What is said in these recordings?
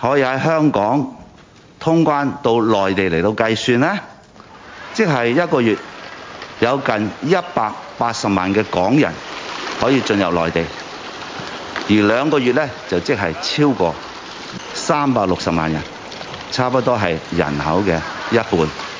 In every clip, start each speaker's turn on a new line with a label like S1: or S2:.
S1: 可以喺香港通關到內地嚟到計算呢，即係一個月有近一百八十萬嘅港人可以進入內地，而兩個月呢，就即係超過三百六十萬人，差不多係人口嘅一半。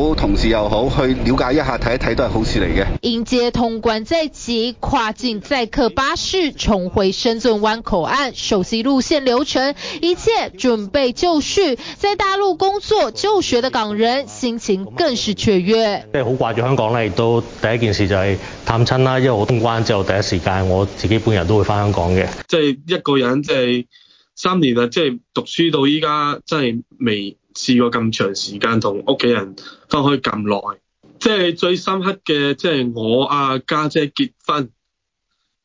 S2: 好同時又好，去了解一下睇一睇都係好事嚟嘅。
S3: 迎接通關在即，跨境載客巴士重回深圳灣口岸，熟悉路線流程一切準備就緒。在大陸工作、就學的港人心情更是雀躍。
S4: 即係好掛住香港咧，亦都第一件事就係探親啦。因為我通關之後，第一時間我自己本人都會翻香港嘅。
S3: 即係一個人，即係三年啦，即係讀書到依家，真係未試過咁長時間同屋企人
S4: 分開咁耐，即係最深刻嘅，即係我啊家姐結婚，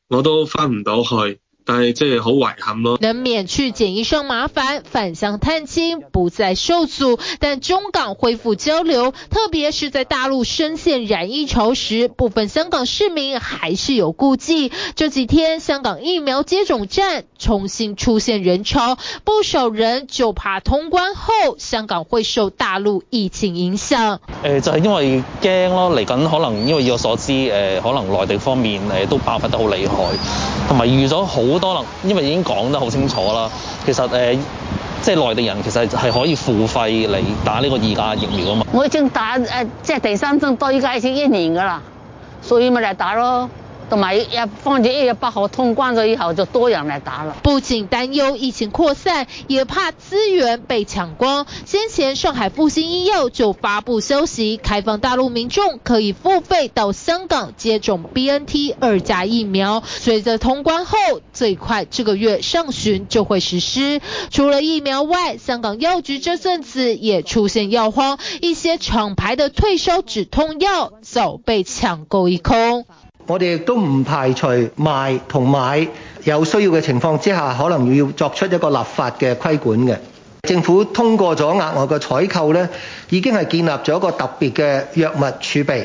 S3: 我都翻唔到去。但係即係好遺憾咯、啊。能免去檢疫上麻煩，返鄉探親不再受阻，但中港恢復交流，特別是在大陸深陷染疫潮時，部分香港市民還是有顧忌。這幾天香港疫苗接種站重新出現人潮，不少人就怕通關後香港會受大陸疫情影響。
S4: 誒、呃，就係、是，因為驚咯，嚟緊可能因為以我所知，誒、呃，可能內地方面誒都爆發得好厲害，同埋預咗好。好多，因為已經講得好清楚啦。其實誒即係內地人其實係可以付費嚟打呢個二價疫苗啊嘛。
S5: 我已經打誒即係第三針，到依家已經一年噶啦，所以咪嚟打咯。同埋
S3: 一，放喺一月八號通關咗以後，就多人嚟打了。不僅擔憂疫情擴散，也怕資源被搶光。先前上海復興醫藥就發布消息，開放大陸民眾可以付費到香港接種 BNT 二價疫苗。隨着通關後，最快這個月上旬就會實施。除了疫苗外，香港藥局這陣子也出現藥荒，一些廠牌的退燒止痛藥早被搶購一空。我哋亦都唔
S6: 排除賣同買有需要嘅情況之下，可能要作出一個立法嘅規管嘅。政府通過咗額外嘅採購咧，已經係建立咗一個特別嘅藥物儲備。